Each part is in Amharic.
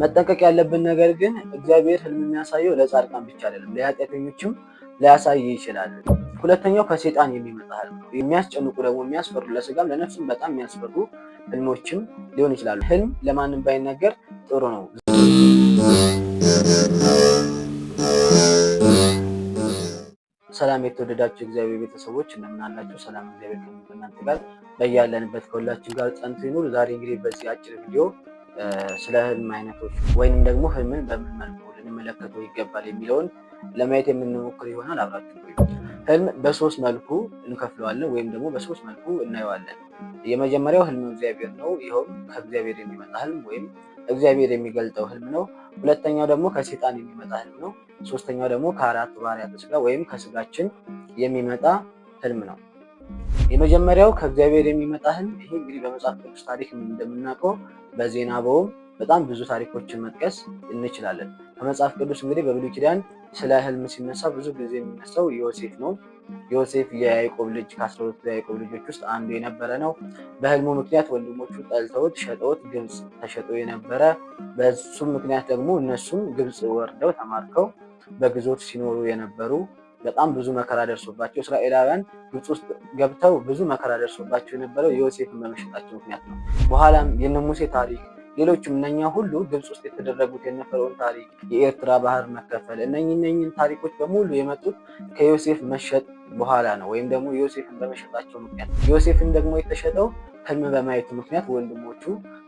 መጠንቀቅ ያለብን ነገር ግን እግዚአብሔር ህልም የሚያሳየው ለጻድቃን ብቻ አይደለም፣ ለኃጢአተኞችም ሊያሳይ ይችላል። ሁለተኛው ከሴጣን የሚመጣ ህልም ነው። የሚያስጨንቁ ደግሞ የሚያስፈሩ፣ ለስጋም ለነፍስም በጣም የሚያስፈሩ ህልሞችም ሊሆን ይችላሉ። ህልም ለማንም ባይነገር ጥሩ ነው። ሰላም የተወደዳችሁ እግዚአብሔር ቤተሰቦች እንደምን አላችሁ? ሰላም እግዚአብሔር ከእናንተ ጋር በያለንበት ከሁላችን ጋር ጸንቶ ይኑር። ዛሬ እንግዲህ በዚህ አጭር ቪዲዮ ስለ ህልም አይነቶች ወይንም ደግሞ ህልምን በምን መልኩ ልንመለከተው ይገባል የሚለውን ለማየት የምንሞክር ይሆናል። አብራችሁ ህልም በሶስት መልኩ እንከፍለዋለን ወይም ደግሞ በሶስት መልኩ እናየዋለን። የመጀመሪያው ህልም እግዚአብሔር ነው። ይኸውም ከእግዚአብሔር የሚመጣ ህልም ወይም እግዚአብሔር የሚገልጠው ህልም ነው። ሁለተኛው ደግሞ ከሴጣን የሚመጣ ህልም ነው። ሶስተኛው ደግሞ ከአራት ባህርያተ ስጋ ወይም ከስጋችን የሚመጣ ህልም ነው። የመጀመሪያው ከእግዚአብሔር የሚመጣ ህልም። ይሄ እንግዲህ በመጽሐፍ ቅዱስ ታሪክ እንደምናውቀው በዜና በውም በጣም ብዙ ታሪኮችን መጥቀስ እንችላለን። ከመጽሐፍ ቅዱስ እንግዲህ በብሉይ ኪዳን ስለ ህልም ሲነሳ ብዙ ጊዜ የሚነሳው ዮሴፍ ነው። ዮሴፍ የያዕቆብ ልጅ ከአስራ ሁለቱ የያዕቆብ ልጆች ውስጥ አንዱ የነበረ ነው። በህልሙ ምክንያት ወንድሞቹ ጠልተውት ሸጠውት ግብፅ ተሸጦ የነበረ በሱም ምክንያት ደግሞ እነሱም ግብፅ ወርደው ተማርከው በግዞት ሲኖሩ የነበሩ በጣም ብዙ መከራ ደርሶባቸው እስራኤላውያን ግብፅ ውስጥ ገብተው ብዙ መከራ ደርሶባቸው የነበረው የዮሴፍን በመሸጣቸው ምክንያት ነው። በኋላም የነ ሙሴ ታሪክ፣ ሌሎችም እነኛ ሁሉ ግብፅ ውስጥ የተደረጉት የነበረውን ታሪክ፣ የኤርትራ ባህር መከፈል፣ እነ እነኝን ታሪኮች በሙሉ የመጡት ከዮሴፍ መሸጥ በኋላ ነው፣ ወይም ደግሞ ዮሴፍን በመሸጣቸው ምክንያት። ዮሴፍን ደግሞ የተሸጠው ህልም በማየቱ ምክንያት ወንድሞቹ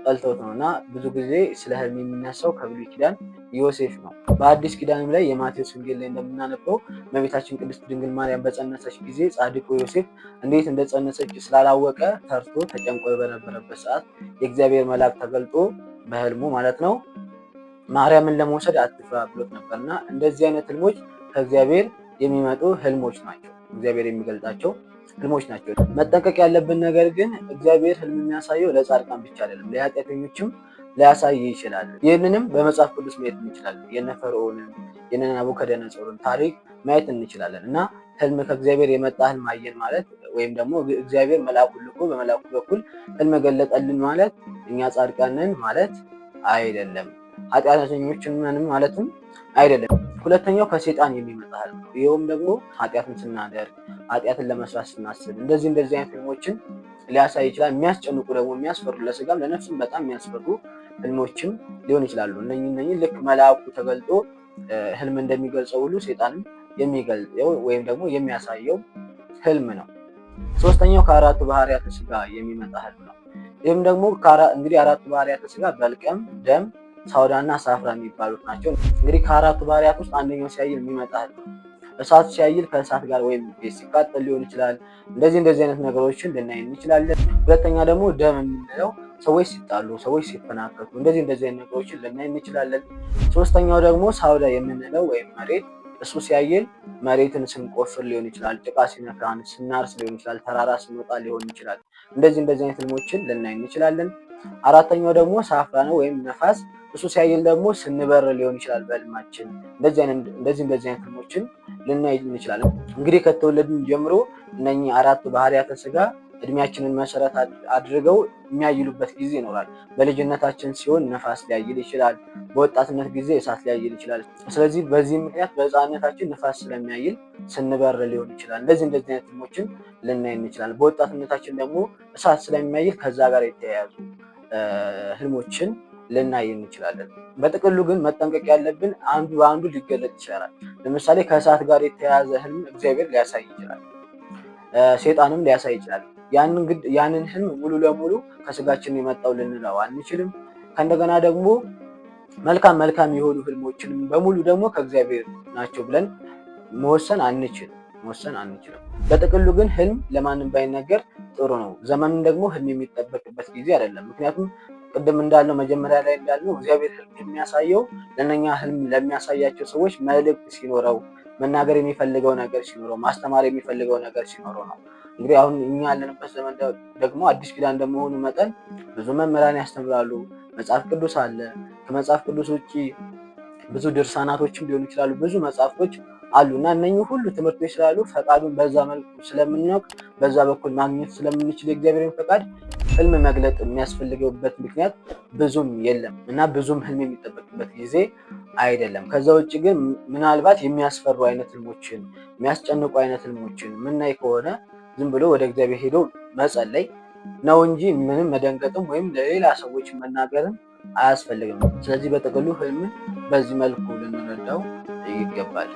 ጠልተውት ነው እና ብዙ ጊዜ ስለ ህልም የሚነሳው ከብሉይ ኪዳን ዮሴፍ ነው። በአዲስ ኪዳንም ላይ የማቴዎስ ወንጌል ላይ እንደምናነበው እመቤታችን ቅድስት ድንግል ማርያም በጸነሰች ጊዜ ጻድቁ ዮሴፍ እንዴት እንደጸነሰች ስላላወቀ ተርቶ ተጨንቆ በነበረበት ሰዓት የእግዚአብሔር መልአክ ተገልጦ በህልሙ ማለት ነው ማርያምን ለመውሰድ አትፍራ ብሎት ነበርና እንደዚህ አይነት ህልሞች ከእግዚአብሔር የሚመጡ ህልሞች ናቸው። እግዚአብሔር የሚገልጣቸው ህልሞች ናቸው። መጠንቀቅ ያለብን ነገር ግን እግዚአብሔር ህልም የሚያሳየው ለጻድቃን ብቻ አይደለም፣ ለኃጢአተኞችም ሊያሳይ ይችላል። ይህንንም በመጽሐፍ ቅዱስ ማየት እንችላለን። የነ ፈርዖንን የነ ናቡከደነጾርን ታሪክ ማየት እንችላለን እና ህልም ከእግዚአብሔር የመጣ ህልም አየን ማለት ወይም ደግሞ እግዚአብሔር መልአኩን ልኮ በመልአኩ በኩል ህልም ገለጠልን ማለት እኛ ጻድቃንን ማለት አይደለም፣ ኃጢአተኞችን ማለትም አይደለም። ሁለተኛው ከሴጣን የሚመጣ ህልም ነው። ይኸውም ደግሞ ኃጢአትን ስናደርግ ኃጢአትን ለመስራት ስናስብ እንደዚህ እንደዚህ አይነት ህልሞችን ሊያሳይ ይችላል። የሚያስጨንቁ ደግሞ የሚያስፈሩ፣ ለስጋም ለነፍስም በጣም የሚያስፈሩ ህልሞችም ሊሆን ይችላሉ። እነኚህ ልክ መልአኩ ተገልጦ ህልም እንደሚገልጸው ሁሉ ሴጣንም የሚገልጸው ወይም ደግሞ የሚያሳየው ህልም ነው። ሶስተኛው ከአራቱ ባህርያተ ስጋ የሚመጣ ህልም ነው። ይህም ደግሞ እንግዲህ አራቱ ባህርያተ ስጋ በልቀም፣ ደም፣ ሳውዳና ሳፍራ የሚባሉት ናቸው። እንግዲህ ከአራቱ ባህሪያት ውስጥ አንደኛው ሲያይ የሚመጣ ህልም ነው። እሳት ሲያይል ከእሳት ጋር ወይም ሲቃጠል ሊሆን ይችላል። እንደዚህ እንደዚህ አይነት ነገሮችን ልናይ እንችላለን። ሁለተኛ ደግሞ ደም የምንለው ሰዎች ሲጣሉ፣ ሰዎች ሲፈናከቱ፣ እንደዚህ እንደዚህ አይነት ነገሮችን ልናይ እንችላለን። ሶስተኛው ደግሞ ሳውዳ የምንለው ወይም መሬት እሱ ሲያየን መሬትን ስንቆፍር ሊሆን ይችላል፣ ጭቃ ሲነካን፣ ስናርስ ሊሆን ይችላል፣ ተራራ ስንወጣ ሊሆን ይችላል። እንደዚህ እንደዚህ አይነት ህልሞችን ልናይ እንችላለን። አራተኛው ደግሞ ሳፍራ ነው ወይም ነፋስ። እሱ ሲያየን ደግሞ ስንበር ሊሆን ይችላል በህልማችን። እንደዚህ እንደዚህ አይነት ህልሞችን ልናይ እንችላለን። እንግዲህ ከተወለድን ጀምሮ እነኚህ አራት ባህሪያተ ስጋ እድሜያችንን መሰረት አድርገው የሚያይሉበት ጊዜ ይኖራል። በልጅነታችን ሲሆን ነፋስ ሊያይል ይችላል። በወጣትነት ጊዜ እሳት ሊያይል ይችላል። ስለዚህ በዚህ ምክንያት በህፃንነታችን ነፋስ ስለሚያይል ስንበር ሊሆን ይችላል። እንደዚህ እንደዚህ አይነት ህልሞችን ልናይ እንችላል። በወጣትነታችን ደግሞ እሳት ስለሚያይል ከዛ ጋር የተያያዙ ህልሞችን ልናይ እንችላለን። በጥቅሉ ግን መጠንቀቅ ያለብን አንዱ በአንዱ ሊገለጥ ይችላል። ለምሳሌ ከእሳት ጋር የተያያዘ ህልም እግዚአብሔር ሊያሳይ ይችላል። ሴጣንም ሊያሳይ ይችላል። ያንን ህልም ሙሉ ለሙሉ ከስጋችን የመጣው ልንለው አንችልም። ከእንደገና ደግሞ መልካም መልካም የሆኑ ህልሞችንም በሙሉ ደግሞ ከእግዚአብሔር ናቸው ብለን መወሰን አንችል መወሰን አንችልም። በጥቅሉ ግን ህልም ለማንም ባይነገር ጥሩ ነው። ዘመኑን ደግሞ ህልም የሚጠበቅበት ጊዜ አይደለም። ምክንያቱም ቅድም እንዳለው መጀመሪያ ላይ እንዳለው እግዚአብሔር ህልም የሚያሳየው ለነኛ ህልም ለሚያሳያቸው ሰዎች መልእክት ሲኖረው መናገር የሚፈልገው ነገር ሲኖረው፣ ማስተማር የሚፈልገው ነገር ሲኖረው ነው። እንግዲህ አሁን እኛ ያለንበት ዘመን ደግሞ አዲስ ኪዳን እንደመሆኑ መጠን ብዙ መምህራን ያስተምራሉ። መጽሐፍ ቅዱስ አለ። ከመጽሐፍ ቅዱስ ውጭ ብዙ ድርሳናቶችም ሊሆኑ ይችላሉ። ብዙ መጽሐፍቶች አሉ እና እነኚህ ሁሉ ትምህርቶች ስላሉ ፈቃዱን በዛ መልኩ ስለምናውቅ በዛ በኩል ማግኘት ስለምንችል የእግዚአብሔርን ፈቃድ ህልም መግለጥ የሚያስፈልግበት ምክንያት ብዙም የለም እና ብዙም ህልም የሚጠበቅበት ጊዜ አይደለም። ከዛ ውጭ ግን ምናልባት የሚያስፈሩ አይነት ህልሞችን፣ የሚያስጨንቁ አይነት ህልሞችን ምናይ ከሆነ ዝም ብሎ ወደ እግዚአብሔር ሄዶ መጸለይ ነው እንጂ ምንም መደንገጥም ወይም ለሌላ ሰዎች መናገርም አያስፈልግም። ስለዚህ በጥቅሉ ህልምን በዚህ መልኩ ልንረዳው ይገባል።